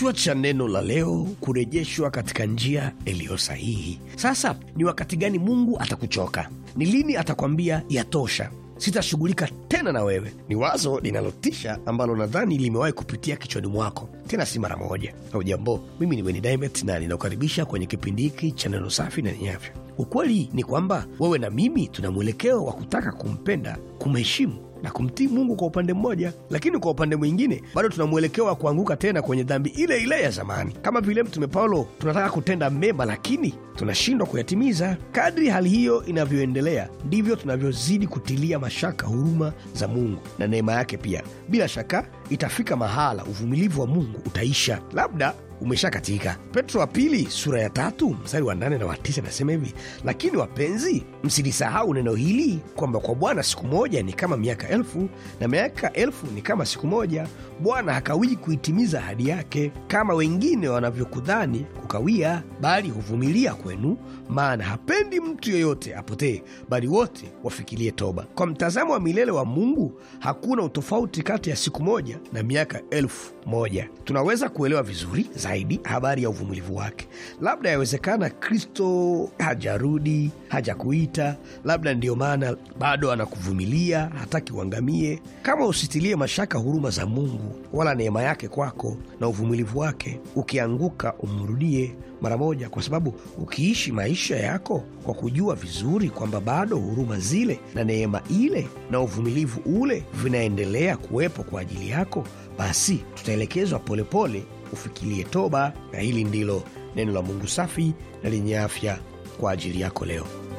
Kichwa cha neno la leo: kurejeshwa katika njia iliyo sahihi. Sasa ni wakati gani Mungu atakuchoka? Ni lini atakwambia yatosha, sitashughulika tena na wewe? Ni wazo linalotisha ambalo nadhani limewahi kupitia kichwani mwako tena si mara moja. Hujambo, mimi ni Weni Dimet na ninakukaribisha kwenye kipindi hiki cha neno safi na lenye afya. Ukweli ni kwamba wewe na mimi tuna mwelekeo wa kutaka kumpenda, kumheshimu na kumtii Mungu kwa upande mmoja, lakini kwa upande mwingine bado tuna mwelekeo wa kuanguka tena kwenye dhambi ile ile ya zamani. Kama vile Mtume Paulo, tunataka kutenda mema, lakini tunashindwa kuyatimiza. Kadri hali hiyo inavyoendelea, ndivyo tunavyozidi kutilia mashaka huruma za Mungu na neema yake pia. Bila shaka itafika mahala uvumilivu wa Mungu utaisha. Labda umeshakatika. Petro wa pili sura ya tatu mstari wa nane na wa tisa inasema hivi: lakini wapenzi, msilisahau neno hili kwamba kwa Bwana siku moja ni kama miaka elfu na miaka elfu ni kama siku moja. Bwana hakawii kuitimiza ahadi yake kama wengine wanavyokudhani kukawia, bali huvumilia kwenu, maana hapendi mtu yeyote apotee, bali wote wafikilie toba. Kwa mtazamo wa milele wa Mungu hakuna utofauti kati ya siku moja na miaka elfu. Moja, tunaweza kuelewa vizuri zaidi habari ya uvumilivu wake. Labda yawezekana Kristo hajarudi, hajakuita, labda ndiyo maana bado anakuvumilia, hataki uangamie. Kama usitilie mashaka huruma za Mungu wala neema yake kwako na uvumilivu wake, ukianguka umrudie mara moja, kwa sababu ukiishi maisha yako kwa kujua vizuri kwamba bado huruma zile na neema ile na uvumilivu ule vinaendelea kuwepo kwa ajili yako, basi tuta utaelekezwa polepole ufikilie toba, na hili ndilo neno la Mungu safi na lenye afya kwa ajili yako leo.